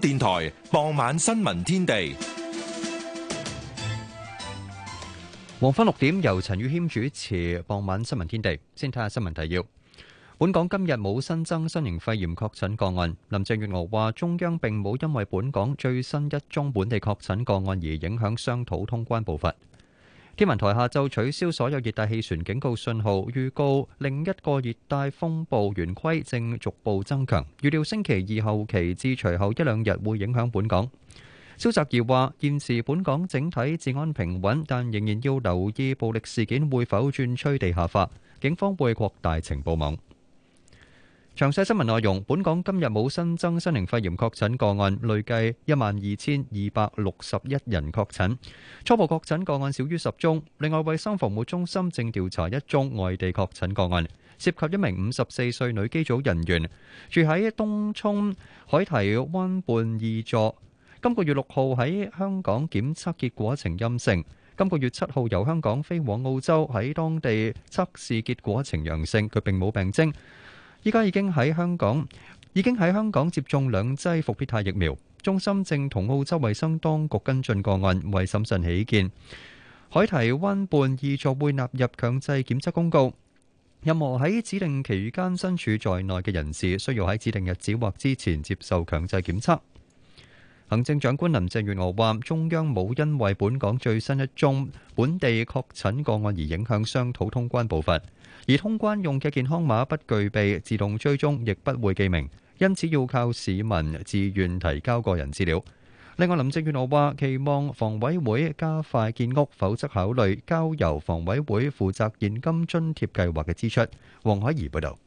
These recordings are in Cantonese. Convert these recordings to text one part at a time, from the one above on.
電台傍晚新聞天地，黃昏六點，由陳宇謙主持傍晚新聞天地，先睇下新聞提要。本港今日冇新增新型肺炎確診個案。林鄭月娥話，中央並冇因為本港最新一宗本地確診個案而影響商討通關步伐。天文台下晝取消所有熱帶氣旋警告信號，預告另一個熱帶風暴圓規正逐步增強，預料星期二後期至隨後一兩日會影響本港。蕭澤怡話：現時本港整體治安平穩，但仍然要留意暴力事件會否轉趨地下化。警方會擴大情報網。詳細新聞內容：本港今日冇新增新型肺炎確診個案，累計一萬二千二百六十一人確診。初步確診個案少於十宗。另外，衛生防護中心正調查一宗外地確診個案，涉及一名五十四歲女機組人員，住喺東涌海堤灣畔二座。今個月六號喺香港檢測結果呈陰性。今個月七號由香港飛往澳洲，喺當地測試結果呈陽性，佢並冇病徵。依家已經喺香港，已經喺香港接種兩劑復必泰疫苗。中心正同澳洲衞生當局跟進個案，為審慎起見，海堤灣畔二座會納入強制檢測公告。任何喺指定期間身處在內嘅人士，需要喺指定日子或之前接受強制檢測。行政長官林鄭月娥話：中央冇因為本港最新一宗本地確診個案而影響商討通關步伐，而通關用嘅健康碼不具備自動追蹤，亦不會記名，因此要靠市民自願提交個人資料。另外，林鄭月娥話期望房委會加快建屋，否則考慮交由房委會負責現金津貼計劃嘅支出。黃海怡報道。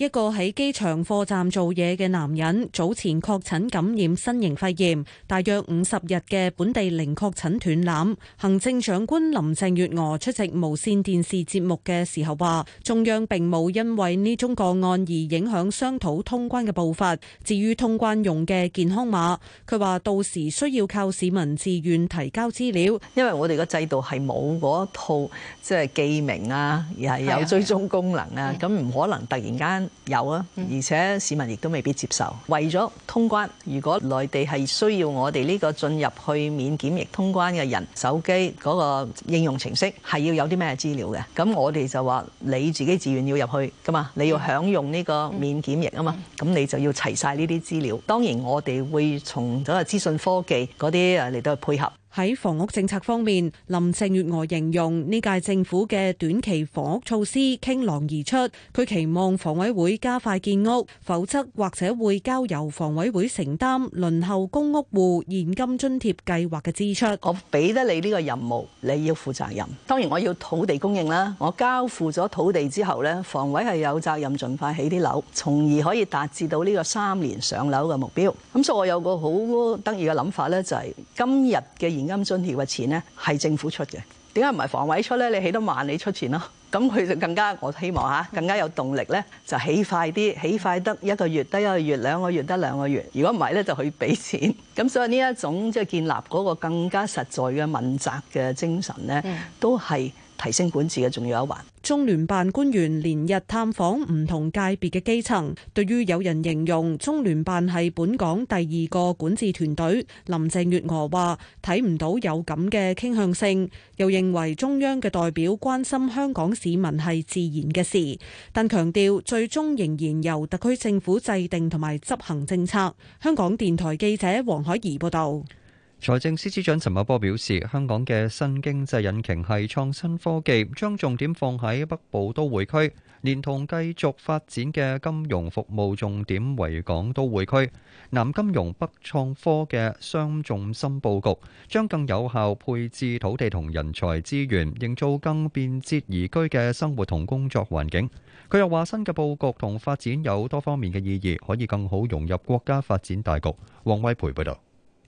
一個喺機場貨站做嘢嘅男人早前確診感染新型肺炎，大約五十日嘅本地零確診斷纜。行政長官林鄭月娥出席無綫電視節目嘅時候話，中央並冇因為呢宗個案而影響商討通關嘅步伐。至於通關用嘅健康碼，佢話到時需要靠市民自願提交資料。因為我哋個制度係冇嗰一套即係、就是、記名啊，而係有追蹤功能啊，咁唔的可能突然間。有啊，而且市民亦都未必接受。為咗通關，如果內地係需要我哋呢個進入去免檢疫通關嘅人手機嗰個應用程式係要有啲咩資料嘅？咁我哋就話你自己自願要入去噶嘛，你要享用呢個免檢疫啊嘛，咁你就要齊晒呢啲資料。當然我哋會從嗰個資訊科技嗰啲誒嚟到去配合。喺房屋政策方面，林鄭月娥形容呢屆政府嘅短期房屋措施傾囊而出。佢期望房委會加快建屋，否則或者會交由房委會承擔輪候公屋戶現金津貼計劃嘅支出。我俾得你呢個任務，你要負責任。當然我要土地供應啦。我交付咗土地之後咧，房委係有責任盡快起啲樓，從而可以達至到呢個三年上樓嘅目標，咁所以我有個好得意嘅諗法咧，就係今日嘅。現金津貼嘅錢咧係政府出嘅，點解唔係房委出咧？你起得慢你出錢咯，咁佢就更加我希望嚇，更加有動力咧就起快啲，起快得一個月得一個月，兩個月得兩個月。如果唔係咧就可以俾錢，咁所以呢一種即係、就是、建立嗰個更加實在嘅問責嘅精神咧，是的都係。提升管治嘅重要一環。中聯辦官員連日探訪唔同界別嘅基層，對於有人形容中聯辦係本港第二個管治團隊，林鄭月娥話睇唔到有咁嘅傾向性，又認為中央嘅代表關心香港市民係自然嘅事，但強調最終仍然由特區政府制定同埋執行政策。香港電台記者黃海怡報道。財政司司長陳茂波表示，香港嘅新經濟引擎係創新科技，將重點放喺北部都會區，連同繼續發展嘅金融服務重點為港都會區南金融北創科嘅雙重心佈局，將更有效配置土地同人才資源，營造更便捷宜居嘅生活同工作環境。佢又話，新嘅佈局同發展有多方面嘅意義，可以更好融入國家發展大局。王威培報道。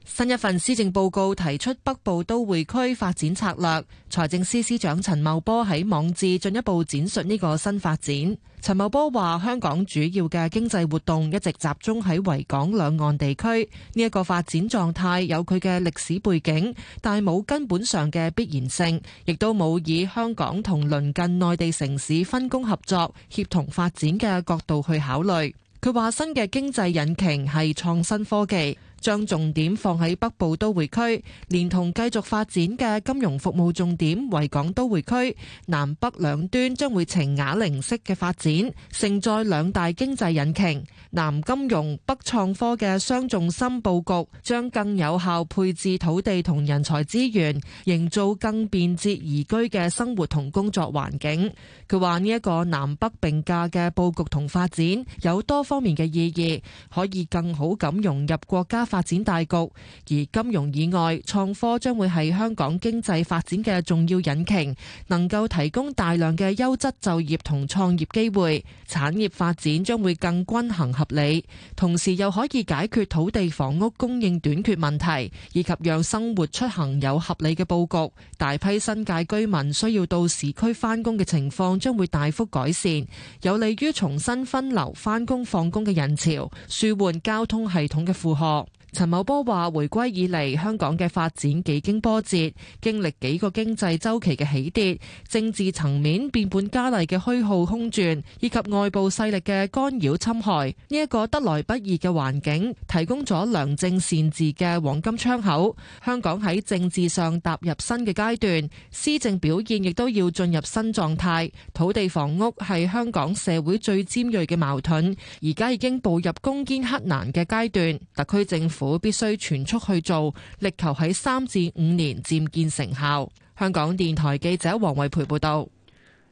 新一份施政報告提出北部都會區發展策略，財政司司長陳茂波喺網誌進一步展述呢個新發展。陳茂波話：香港主要嘅經濟活動一直集中喺維港兩岸地區，呢一個發展狀態有佢嘅歷史背景，但冇根本上嘅必然性，亦都冇以香港同鄰近內地城市分工合作、協同發展嘅角度去考慮。佢話新嘅經濟引擎係創新科技。將重點放喺北部都會區，連同繼續發展嘅金融服務重點維港都會區，南北兩端將會呈啞鈴式嘅發展，承載兩大經濟引擎。南金融、北創科嘅雙重心佈局，將更有效配置土地同人才資源，營造更便捷宜居嘅生活同工作環境。佢話呢一個南北並駕嘅佈局同發展有多方面嘅意義，可以更好咁融入國家發展大局。而金融以外，創科將會係香港經濟發展嘅重要引擎，能夠提供大量嘅優質就業同創業機會，產業發展將會更均衡。合理，同時又可以解決土地房屋供應短缺問題，以及讓生活出行有合理嘅佈局。大批新界居民需要到市區返工嘅情況將會大幅改善，有利於重新分流返工放工嘅人潮，舒緩交通系統嘅負荷。陳茂波話：回歸以嚟，香港嘅發展幾經波折，經歷幾個經濟周期嘅起跌，政治層面變本加厲嘅虛耗空轉，以及外部勢力嘅干擾侵害，呢一個得來不易嘅環境，提供咗良政善治嘅黃金窗口。香港喺政治上踏入新嘅階段，施政表現亦都要進入新狀態。土地房屋係香港社會最尖銳嘅矛盾，而家已經步入攻堅克難嘅階段。特區政府府必須全速去做，力求喺三至五年漸見成效。香港電台記者黃惠培報道。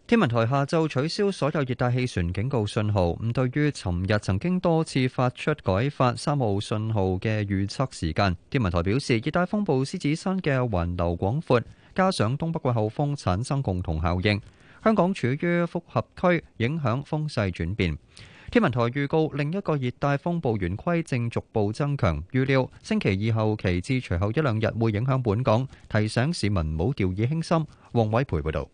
天文台下晝取消所有熱帶氣旋警告信號。咁對於尋日曾經多次發出改發三號信號嘅預測時間，天文台表示熱帶風暴獅子山嘅環流廣闊，加上東北季候風產生共同效應，香港處於複合區，影響風勢轉變。天文台預告，另一個熱帶風暴圓規正逐步增強，預料星期二後期至隨後一兩日會影響本港，提醒市民唔好掉以輕心。黃偉培報導。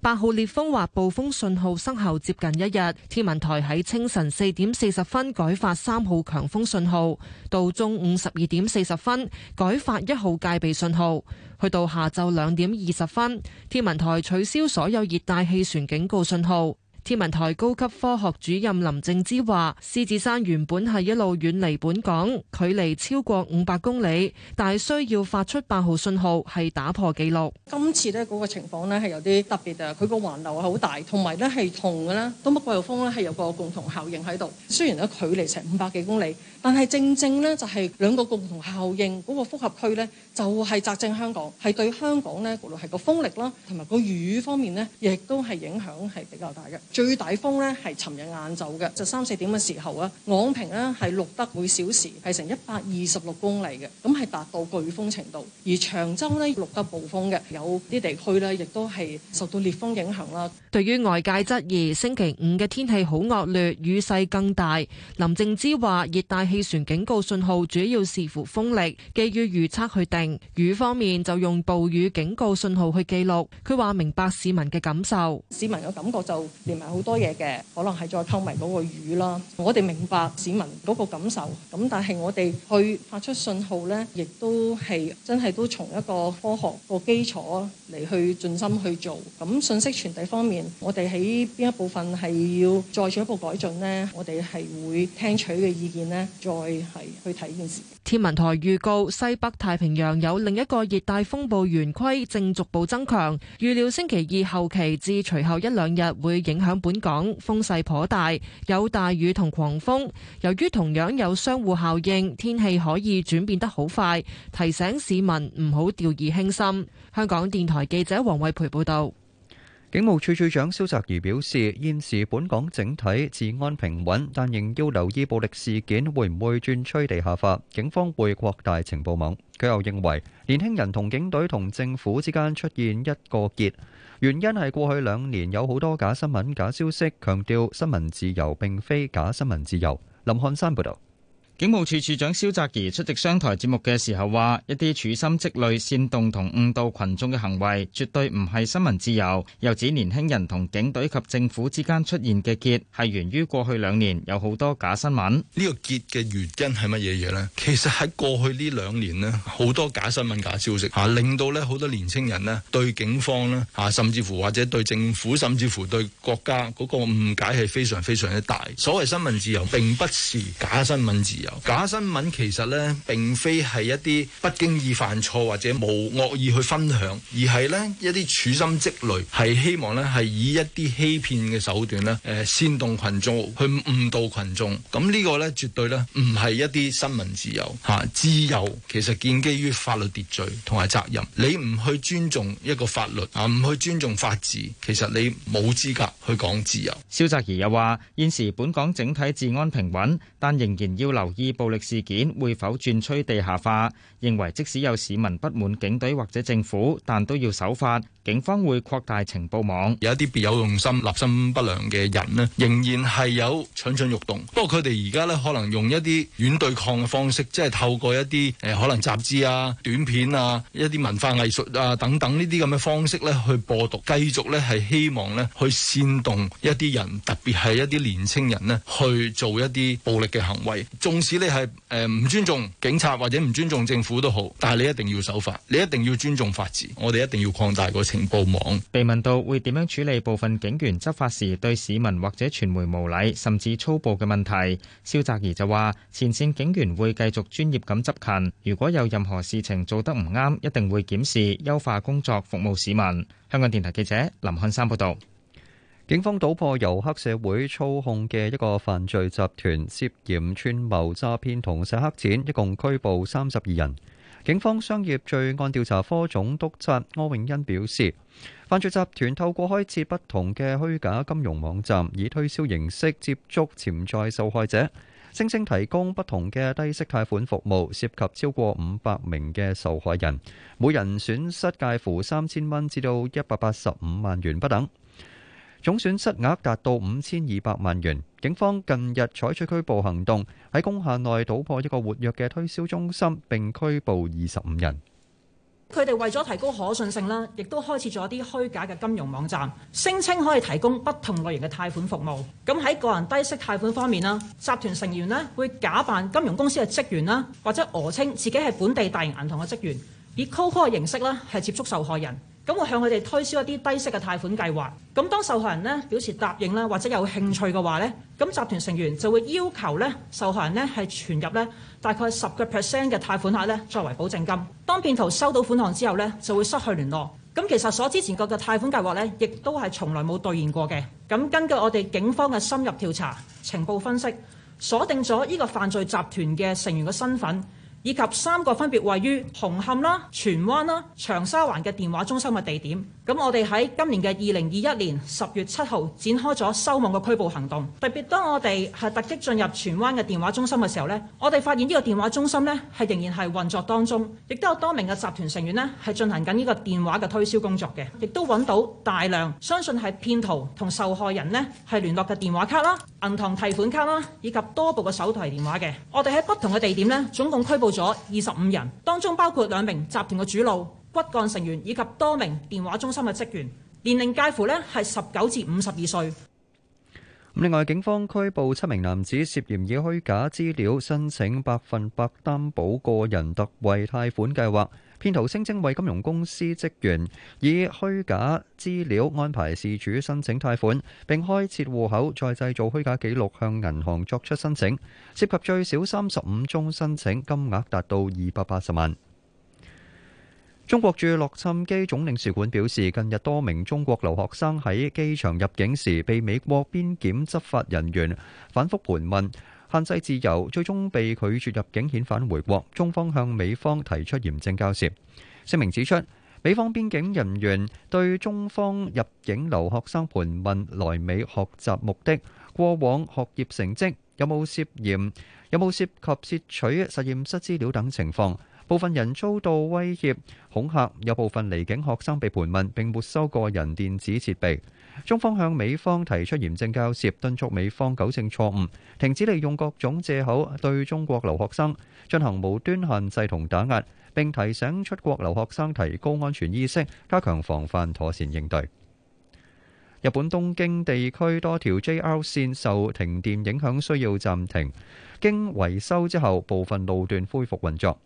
八號烈風或暴風信號生效接近一日，天文台喺清晨四點四十分改發三號強風信號，到中午十二點四十分改發一號戒備信號，去到下晝兩點二十分，天文台取消所有熱帶氣旋警告信號。天文台高級科學主任林正之話，獅子山原本係一路遠離本港，距離超過五百公里，但係需要發出八號信號係打破紀錄。今次呢嗰個情況呢，係有啲特別嘅，佢個環流係好大，同埋呢係同嘅啦東北季候風呢係有個共同效應喺度。雖然呢距離成五百幾公里，但係正正呢就係兩個共同效應嗰個複合區呢，就係襲擊香港，係對香港呢，嗰度係個風力啦，同埋個雨方面呢，亦都係影響係比較大嘅。最大風咧係尋日晏晝嘅，就三四點嘅時候啊，昂坪咧係錄得每小時係成一百二十六公里嘅，咁係達到颶風程度。而長洲咧錄得暴風嘅，有啲地區咧亦都係受到烈風影響啦。對於外界質疑星期五嘅天氣好惡劣，雨勢更大，林靜芝話熱帶氣旋警告信號主要視乎風力，基於預測去定，雨方面就用暴雨警告信號去記錄。佢話明白市民嘅感受，市民嘅感覺就連。好多嘢嘅，可能係再溝埋嗰個魚啦。我哋明白市民嗰個感受，咁但係我哋去發出信號咧，亦都係真係都從一個科學個基礎嚟去盡心去做。咁信息傳遞方面，我哋喺邊一部分係要再進一步改進咧？我哋係會聽取嘅意見咧，再係去睇件事。天文台預告，西北太平洋有另一個熱帶風暴圓規正逐步增強，預料星期二後期至隨後一兩日會影響本港，風勢頗大，有大雨同狂風。由於同樣有相互效應，天氣可以轉變得好快，提醒市民唔好掉以輕心。香港電台記者黃惠培報道。警務處處長蕭澤頤表示，現時本港整體治安平穩，但仍要留意暴力事件會唔會轉趨地下化，警方會擴大情報網。佢又認為，年輕人同警隊同政府之間出現一個結，原因係過去兩年有好多假新聞、假消息，強調新聞自由並非假新聞自由。林漢山報道。警務處處長蕭澤頤出席商台節目嘅時候話，一啲處心積慮煽動同誤導群眾嘅行為，絕對唔係新聞自由。又指年輕人同警隊及政府之間出現嘅結，係源於過去兩年有好多假新聞。呢個結嘅原因係乜嘢嘢呢？其實喺過去呢兩年呢，好多假新聞、假消息吓，令到呢好多年輕人呢對警方呢吓，甚至乎或者對政府，甚至乎對國家嗰個誤解係非常非常之大。所謂新聞自由，並不是假新聞自由。假新聞其實咧並非係一啲不經意犯錯或者冇惡意去分享，而係呢一啲處心積慮，係希望呢係以一啲欺騙嘅手段呢，誒煽動群眾去誤導群眾。咁呢個呢，絕對呢，唔係一啲新聞自由。啊、自由其實建基於法律秩序同埋責任。你唔去尊重一個法律啊，唔去尊重法治，其實你冇資格去講自由。蕭澤怡又話：現時本港整體治安平穩，但仍然要留。而暴力事件會否轉趨地下化？認為即使有市民不滿警隊或者政府，但都要守法。警方會擴大情報網，有一啲別有用心、立心不良嘅人呢仍然係有蠢蠢欲動。不過佢哋而家咧，可能用一啲軟對抗嘅方式，即係透過一啲誒，可能雜誌啊、短片啊、一啲文化藝術啊等等呢啲咁嘅方式咧，去播毒，繼續咧係希望咧去煽動一啲人，特別係一啲年青人咧去做一啲暴力嘅行為。中即使你係誒唔尊重警察或者唔尊重政府都好，但係你一定要守法，你一定要尊重法治。我哋一定要擴大個情報網。被問到會點樣處理部分警員執法時對市民或者傳媒無禮甚至粗暴嘅問題，蕭澤頤就話：前線警員會繼續專業咁執勤，如果有任何事情做得唔啱，一定會檢視優化工作，服務市民。香港電台記者林漢山報道。警方搗破由黑社會操控嘅一個犯罪集團，涉嫌串謀詐騙同洗黑錢，一共拘捕三十二人。警方商業罪案調查科總督察柯永恩表示，犯罪集團透過開設不同嘅虛假金融網站，以推銷形式接觸潛在受害者，聲稱提供不同嘅低息貸款服務，涉及超過五百名嘅受害人，每人損失介乎三千蚊至到一百八十五萬元不等。總損失額達到五千二百萬元。警方近日採取拘捕行動，喺工廈內搗破一個活躍嘅推銷中心，並拘捕二十五人。佢哋為咗提高可信性啦，亦都開設咗一啲虛假嘅金融網站，聲稱可以提供不同類型嘅貸款服務。咁喺個人低息貸款方面啦，集團成員咧會假扮金融公司嘅職員啦，或者訛稱自己係本地大型銀行嘅職員，以 call call 嘅形式咧係接觸受害人。咁我向佢哋推銷一啲低息嘅貸款計劃。咁當受害人呢表示答應或者有興趣嘅話呢，咁集團成員就會要求呢受害人呢係存入呢大概十個 percent 嘅貸款額呢作為保證金。當騙徒收到款項之後呢就會失去聯絡。咁其實所之前個嘅貸款計劃亦都係從來冇兌現過嘅。咁根據我哋警方嘅深入調查、情報分析，鎖定咗呢個犯罪集團嘅成員嘅身份。以及三個分別位於紅磡啦、荃灣啦、長沙灣嘅電話中心嘅地點。咁我哋喺今年嘅二零二一年十月七號展開咗收網嘅拘捕行動，特別當我哋係突擊進入荃灣嘅電話中心嘅時候呢，我哋發現呢個電話中心呢係仍然係運作當中，亦都有多名嘅集團成員呢係進行緊呢個電話嘅推銷工作嘅，亦都揾到大量相信係騙徒同受害人呢係聯絡嘅電話卡啦、銀行提款卡啦，以及多部嘅手提電話嘅。我哋喺不同嘅地點呢，總共拘捕咗二十五人，當中包括兩名集團嘅主腦。骨幹成員以及多名電話中心嘅職員，年齡介乎呢係十九至五十二歲。另外警方拘捕七名男子，涉嫌以虛假資料申請百分百擔保個人特惠貸款計劃。騙徒聲稱為金融公司職員，以虛假資料安排事主申請貸款，並開設戶口，再製造虛假記錄向銀行作出申請。涉及最少三十五宗申請，金額達到二百八十萬。中國駐洛杉磯總領事館表示，近日多名中國留學生喺機場入境時，被美國邊檢執法人員反覆盤問，限制自由，最終被拒絕入境遣返回國。中方向美方提出嚴正交涉。聲明指出，美方邊境人員對中方入境留學生盤問來美學習目的、過往學業成績、有冇涉嫌、有冇涉及竊取實驗室資料等情況。部分人遭到威脅恐嚇，有部分離境學生被盤問並沒收個人電子設備。中方向美方提出嚴正交涉，敦促美方糾正錯誤，停止利用各種藉口對中國留學生進行無端限制同打壓，並提醒出國留學生提高安全意識，加強防範，妥善應對。日本東京地區多條 JR 線受停電影響，需要暫停。經維修之後，部分路段恢復運作。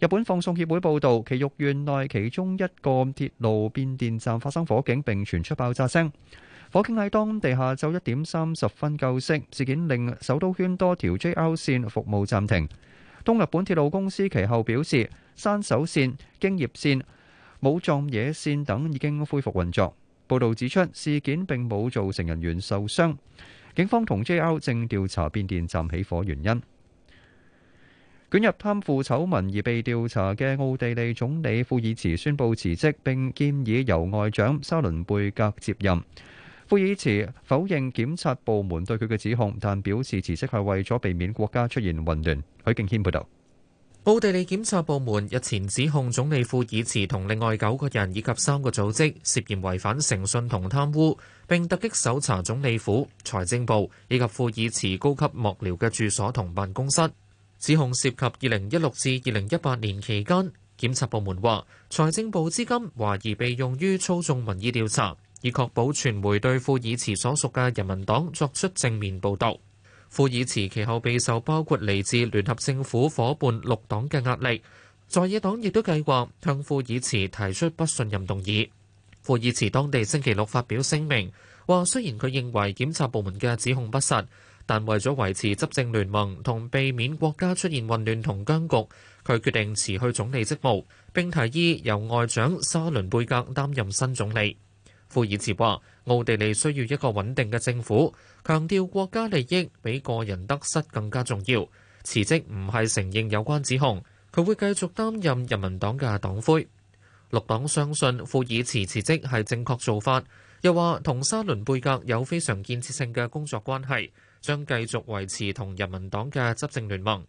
日本放送協會報導，埼玉縣內其中一個鐵路變電站發生火警，並傳出爆炸聲。火警喺當地下晝一點三十分救熄。事件令首都圈多條 JR 線服務暫停。東日本鐵路公司其後表示，山手線、京葉線、武藏野線等已經恢復運作。報導指出，事件並冇造成人員受傷。警方同 JR 正調查變電站起火原因。捲入貪腐醜聞而被調查嘅奧地利總理庫爾茨宣布辭職，並建議由外長沙倫貝格接任。庫爾茨否認檢察部門對佢嘅指控，但表示辭職係為咗避免國家出現混亂。許敬軒報導。奧地利檢察部門日前指控總理庫爾茨同另外九個人以及三個組織涉嫌違反誠信同貪污，並突擊搜查總理府、財政部以及庫爾茨高級幕僚嘅住所同辦公室。指控涉及二零一六至二零一八年期間，檢察部門話財政部資金懷疑被用於操縱民意調查，以確保傳媒對庫爾茨所屬嘅人民黨作出正面報導。庫爾茨其後備受包括嚟自聯合政府夥伴綠黨嘅壓力，在野黨亦都計劃向庫爾茨提出不信任動議。庫爾茨當地星期六發表聲明，話雖然佢認為檢察部門嘅指控不實，但為咗維持執政聯盟同避免國家出現混亂同僵局，佢決定辭去總理職務，並提議由外長沙倫貝格擔任新總理。庫爾茨話：奧地利需要一個穩定嘅政府，強調國家利益比個人得失更加重要。辭職唔係承認有關指控，佢會繼續擔任人民黨嘅黨魁。綠黨相信庫爾茨辭職係正確做法，又話同沙倫貝格有非常建設性嘅工作關係。將繼續維持同人民黨嘅執政聯盟。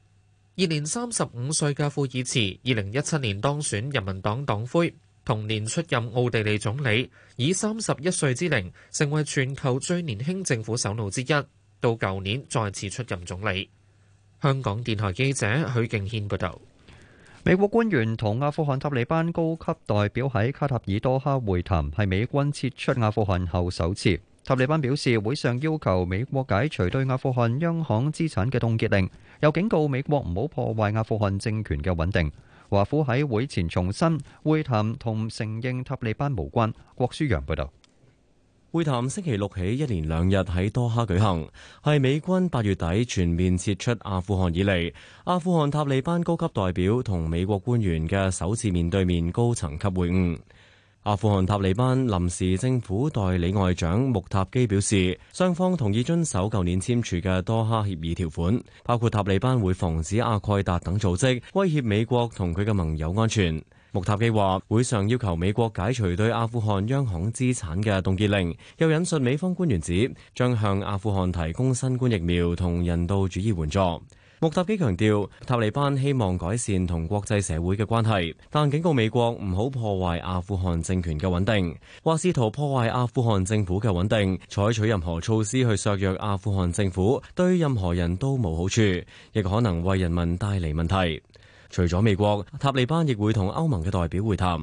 現年三十五歲嘅庫爾茨，二零一七年當選人民黨黨魁，同年出任奧地利總理，以三十一歲之齡成為全球最年輕政府首腦之一。到舊年再次出任總理。香港電台記者許敬軒報導。美國官員同阿富汗塔利班高級代表喺卡塔爾多哈會談，係美軍撤出阿富汗後首次。塔利班表示，會上要求美國解除對阿富汗央行資產嘅凍結令，又警告美國唔好破壞阿富汗政權嘅穩定。華府喺會前重申，會談同承認塔利班無關。郭舒洋報道，會談星期六起一連兩日喺多哈舉行，係美軍八月底全面撤出阿富汗以嚟，阿富汗塔利班高級代表同美國官員嘅首次面對面高層級會晤。阿富汗塔利班臨時政府代理外長穆塔基表示，雙方同意遵守舊年簽署嘅多哈協議條款，包括塔利班會防止阿蓋達等組織威脅美國同佢嘅盟友安全。穆塔基話，會上要求美國解除對阿富汗央行資產嘅凍結令，又引述美方官員指，將向阿富汗提供新冠疫苗同人道主義援助。穆塔基強調，塔利班希望改善同國際社會嘅關係，但警告美國唔好破壞阿富汗政權嘅穩定，話試圖破壞阿富汗政府嘅穩定，採取任何措施去削弱阿富汗政府，對任何人都冇好處，亦可能為人民帶嚟問題。除咗美國，塔利班亦會同歐盟嘅代表會談。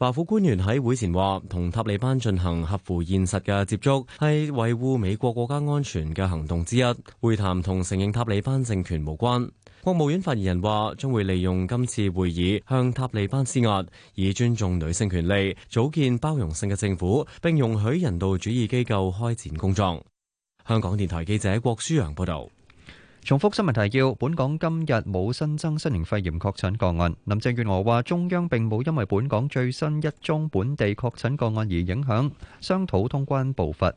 華府官員喺會前話同塔利班進行合乎現實嘅接觸，係維護美國國家安全嘅行動之一。會談同承認塔利班政權無關。國務院發言人話將會利用今次會議向塔利班施壓，以尊重女性權利、組建包容性嘅政府，並容許人道主義機構開展工作。香港電台記者郭舒陽報道。重複新聞提要：本港今日冇新增新型冠狀肺炎確診個案。林鄭月娥話，中央並冇因為本港最新一宗本地確診個案而影響商討通關步伐。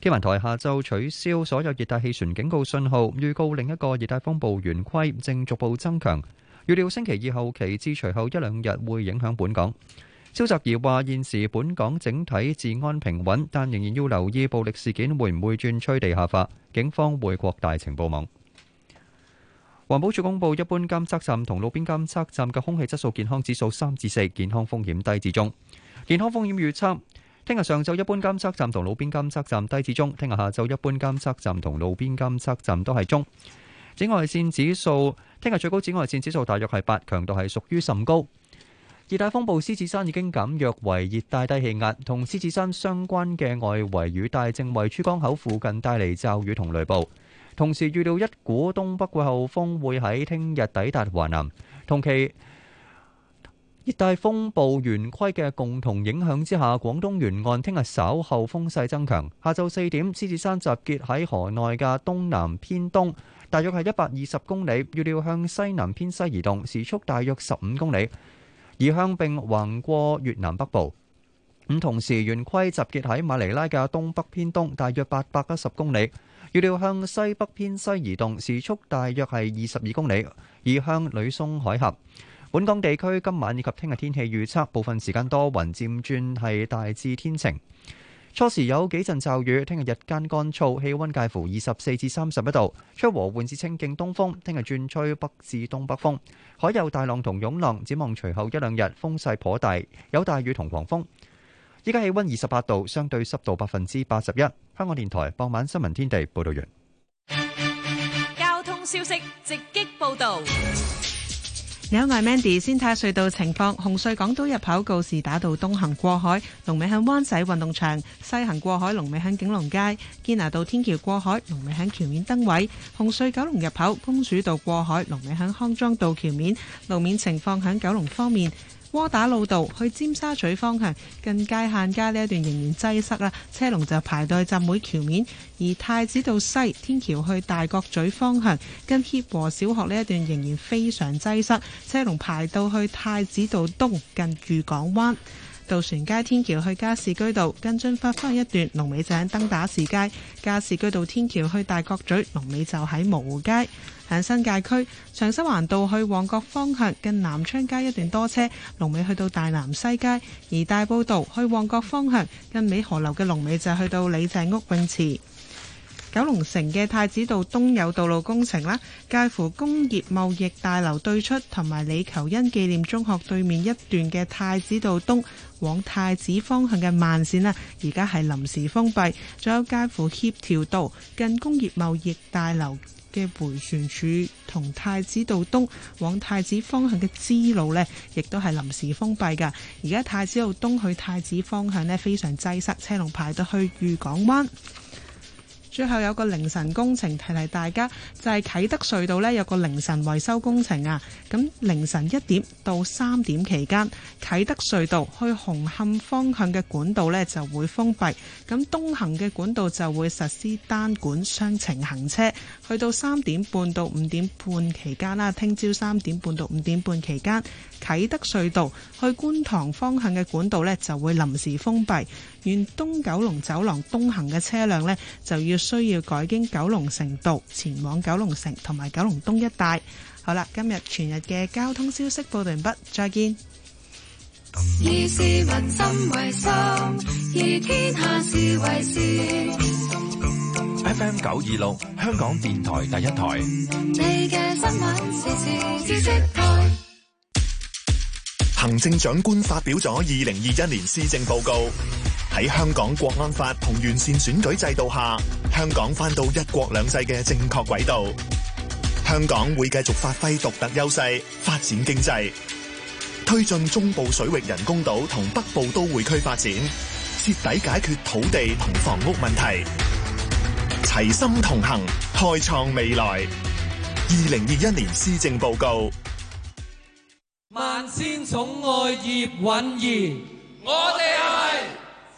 天文台下晝取消所有熱帶氣旋警告信號，預告另一個熱帶風暴圓規正逐步增強，預料星期二後期至隨後一兩日會影響本港。蕭澤頤話，現時本港整體治安平穩，但仍然要留意暴力事件會唔會轉趨地下化。警方會擴大情報網。環保署公布，一般監測站同路邊監測站嘅空氣質素健康指數三至四，健康風險低至中。健康風險預測：聽日上晝一般監測站同路邊監測站低至中；聽日下晝一般監測站同路邊監測站都係中。紫外線指數，聽日最高紫外線指數大約係八，強度係屬於甚高。熱帶風暴獅子山已經減弱為熱帶低氣壓，同獅子山相關嘅外圍雨帶正為珠江口附近帶嚟驟雨同雷暴。同時預料一股東北季候風會喺聽日抵達華南，同期熱帶風暴圓規嘅共同影響之下，廣東沿岸聽日稍後風勢增強。下晝四點，獅子山集結喺河內嘅東南偏東，大約係一百二十公里。預料向西南偏西移動，時速大約十五公里，移向並橫過越南北部。五同時，圓規集結喺馬尼拉嘅東北偏東，大約八百一十公里，預料向西北偏西移動，時速大約係二十二公里，以向呂松海峽。本港地區今晚以及聽日天，天氣預測，部分時間多雲，雲漸轉係大致天晴。初時有幾陣驟雨，聽日日間乾燥，氣温介乎二十四至三十一度，出和緩至清勁東風，聽日轉吹北至東北風，海有大浪同湧浪，展望隨後一兩日風勢頗大，有大雨同狂風。依家氣溫二十八度，相對濕度百分之八十一。香港電台傍晚新聞天地報道完。交通消息直擊報導。你好，我係 Mandy 先睇隧道情況。紅隧港島入口告士打道東行過海，龍尾喺灣仔運動場；西行過海，龍尾喺景隆街。堅拿道天橋過海，龍尾喺橋面燈位。紅隧九龍入口，公主道過海，龍尾喺康莊道橋面。路面情況喺九龍方面。窩打老道去尖沙咀方向，近界限街呢一段仍然擠塞啦，車龍就排到去浸會橋面；而太子道西天橋去大角咀方向，近協和小學呢一段仍然非常擠塞，車龍排到去太子道東近漁港灣。渡船街天橋去加士居道，跟進發翻一段龍尾就喺登打士街；加士居道天橋去大角咀龍尾就喺蕪湖街。喺新界區長沙灣道去旺角方向，近南昌街一段多車，龍尾去到大南西街；而大埔道去旺角方向近美荷樓嘅龍尾就去到李鄭屋泳池。九龍城嘅太子道東有道路工程啦，介乎工業貿易大樓對出同埋李求恩紀念中學對面一段嘅太子道東往太子方向嘅慢線呢，而家係臨時封閉。仲有介乎協調道近工業貿易大樓嘅回旋處同太子道東往太子方向嘅支路呢，亦都係臨時封閉噶。而家太子道東去太子方向呢，非常擠塞，車龍排到去御港灣。最後有個凌晨工程，提提大家就係啟德隧道呢，有個凌晨維修工程啊。咁凌晨一點到三點期間，啟德隧道去紅磡方向嘅管道呢就會封閉，咁東行嘅管道就會實施單管雙程行車。去到三點半到五點半期間啦，聽朝三點半到五點半期間，啟德隧道去觀塘方向嘅管道呢就會臨時封閉，沿東九龍走廊東行嘅車輛呢就要，需要改經九龍城道前往九龍城同埋九龍東一帶。好啦，今日全日嘅交通消息報道完畢，再見。以市民心為心，以天下事為事。F M 九二六，香港電台第一台。行政長官發表咗二零二一年施政報告。喺香港國安法同完善選舉制度下，香港翻到一國兩制嘅正確軌道。香港會繼續發揮獨特優勢，發展經濟，推進中部水域人工島同北部都會區發展，徹底解決土地同房屋問題。齊心同行，開創未來。二零二一年施政報告。萬千寵愛葉蘊儀，我哋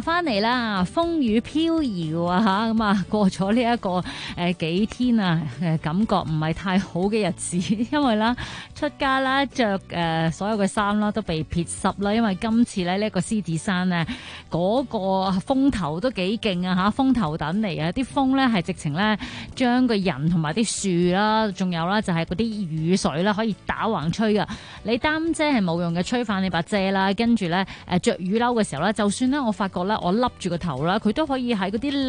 翻嚟啦，風雨飄搖啊！嚇咁啊，過咗呢一個誒幾天啊，誒感覺唔係太好嘅日子，因為啦出街啦，着誒所有嘅衫啦都被撇濕啦，因為今次咧呢一個獅子山咧嗰個風頭都幾勁啊！嚇風頭等嚟啊，啲風咧係直情咧將個人同埋啲樹啦，仲有啦就係嗰啲雨水啦，可以打橫吹噶。你擔遮係冇用嘅，吹翻你把遮啦。跟住咧誒着雨褸嘅時候咧，就算咧我發覺。我笠住個頭啦，佢都可以喺嗰啲。